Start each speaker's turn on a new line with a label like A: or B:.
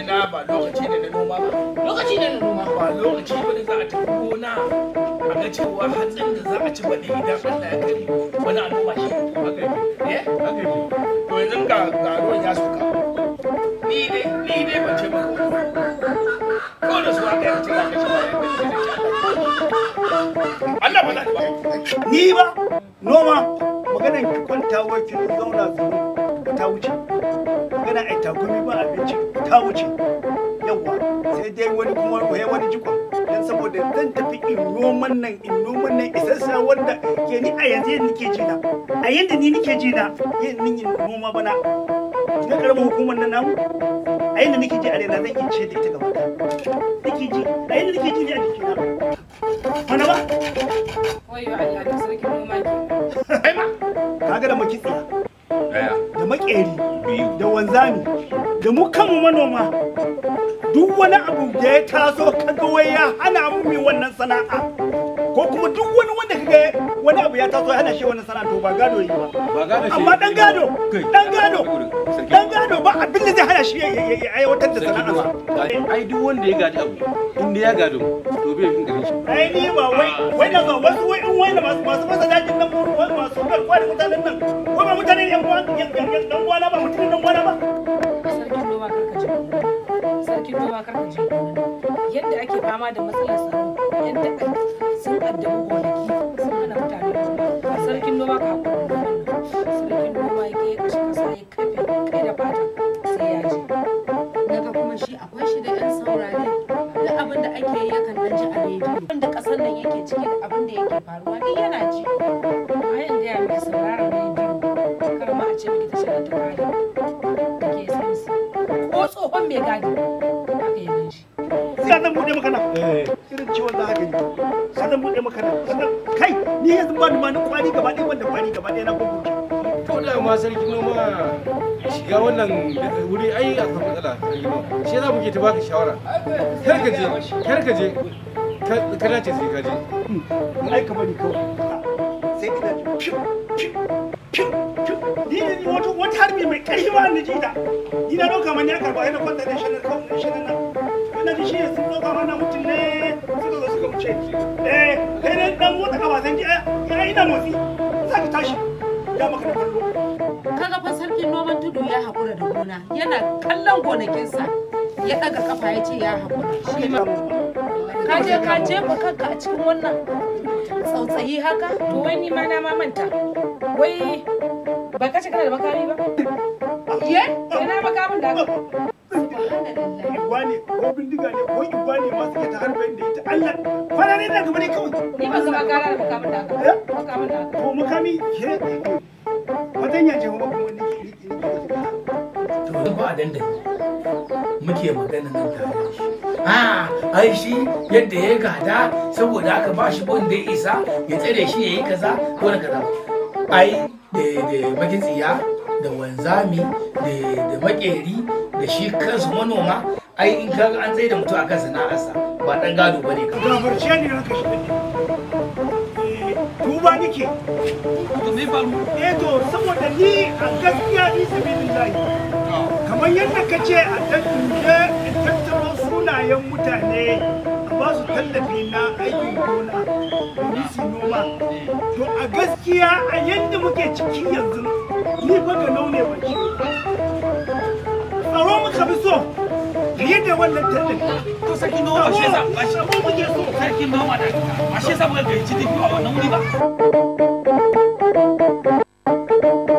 A: ina ba lokaci ne na noma ba lokaci ne na noma ba lokaci ba za a tafi gona a ga cewa hatsin da za a ci bane idan Allah ya kare wani al'umma shi eh to yanzu ga ya suka ni dai ni dai ce ko da su aka yi ka ci Allah ba ni ba noma maganar ki kwanta zauna zuwa ta wuce magana ai takumi ba abinci ta wuce yawa sai dai wani kuma waye wani jikon dan saboda zan tafi in noman nan in noman nan isassa wanda ke ni a yanzu yadda nake ji na a yadda ni nake ji na yin nin in noma bana na karamar hukumar nan namu a yadda nake ji a raina zan iya ce da ita gaba nake ji a yadda nake ji a jikina mana ba wayo ali maƙeri da wanzami da mu kanmu manoma duk wani abu da ya taso kaga wai ya hana mu mai wannan sana'a ko kuma duk wani wanda kaga wani abu ya taso ya hana shi wannan sana'a to ba gado yi ba amma dan gado dan gado dan gado ba abin da zai hana shi ya aiwatar da sana'a ai duk wanda ya gado abu inda ya gado to bai fin gare shi ai ni ba wai wai da wasu wai in wai da masu masu masana masu garkuwa da mutanen sarkin noma yadda ake fama da matsalar sun a sarkin sarkin noma ke ya kai da sai ya daga kuma shi akwai shi da yan abin da ake yakan ji a daidai wanda kasar nan yake ciki da abin da yake faruwa duk yana ji mai sauraron rediyo ke buɗe maka eh. Irin ciwon za ka yi. buɗe Kai ni yanzu ba ni ma ni gaba ɗaya wanda kwari gaba ɗaya na gugu. da ma sarki noma shiga wannan wuri ai a kan matsala shi za mu ke ta baka shawara kar ka je kar ka je ka dace sai ka je hmm. kawai sai ka ni ne ni wato wata harbi mai ƙarfi ba ni ji jita ni na ɗauka mani ya karɓa yana kwanta da shirin kawai shirin nan wanda da shi sun ɗauka mana mutum ne suka zo suka wuce eh kai ne dan ka kafa san ji ya ina motsi za ka tashi ya maka da kallo kaga fa sarkin noman tudu ya haƙura da gona yana kallon gonakinsa ya ɗaga kafa ya ce ya haƙura shi ma ka je ka jefa kanka a cikin wannan tsautsayi haka to wai ni ma na mamanta wai ba ka ce kana da makami ba ye ina makamin da Igwa ko bindiga ne ko ta da ita Allah fara ne da gaba ne kawai. Ni ba zama gara da makamin da eh? Makamin da makami ke ke ke. To ba a muke magana nan tare da shi. a ah, ai shi yadda ya gada saboda aka ba shi bon da isa ya tsare shi ya yi kaza ko da kaza ai da magitsiya da wanzami da makeri da shi kansu manoma ai in ka an tsaye da mutum a kan sana'arsa ba dan gado ba ne ka farce ni ranka shi ne tuba eh, nike to me ba mu eh to saboda ni an gaskiya ni sabilillahi ah. kamar yadda kace a tantance iyayen mutane ba su tallafi na aikin gona domin su noma to a gaskiya a yadda muke ciki yanzu ni ba ga nau ne ba ki tsaro muka fi so fiye da wannan tallafi to saki noma shi yasa ba shi mu muke so sarki noma da ba shi yasa muka gayyaci tafi a wannan wuri ba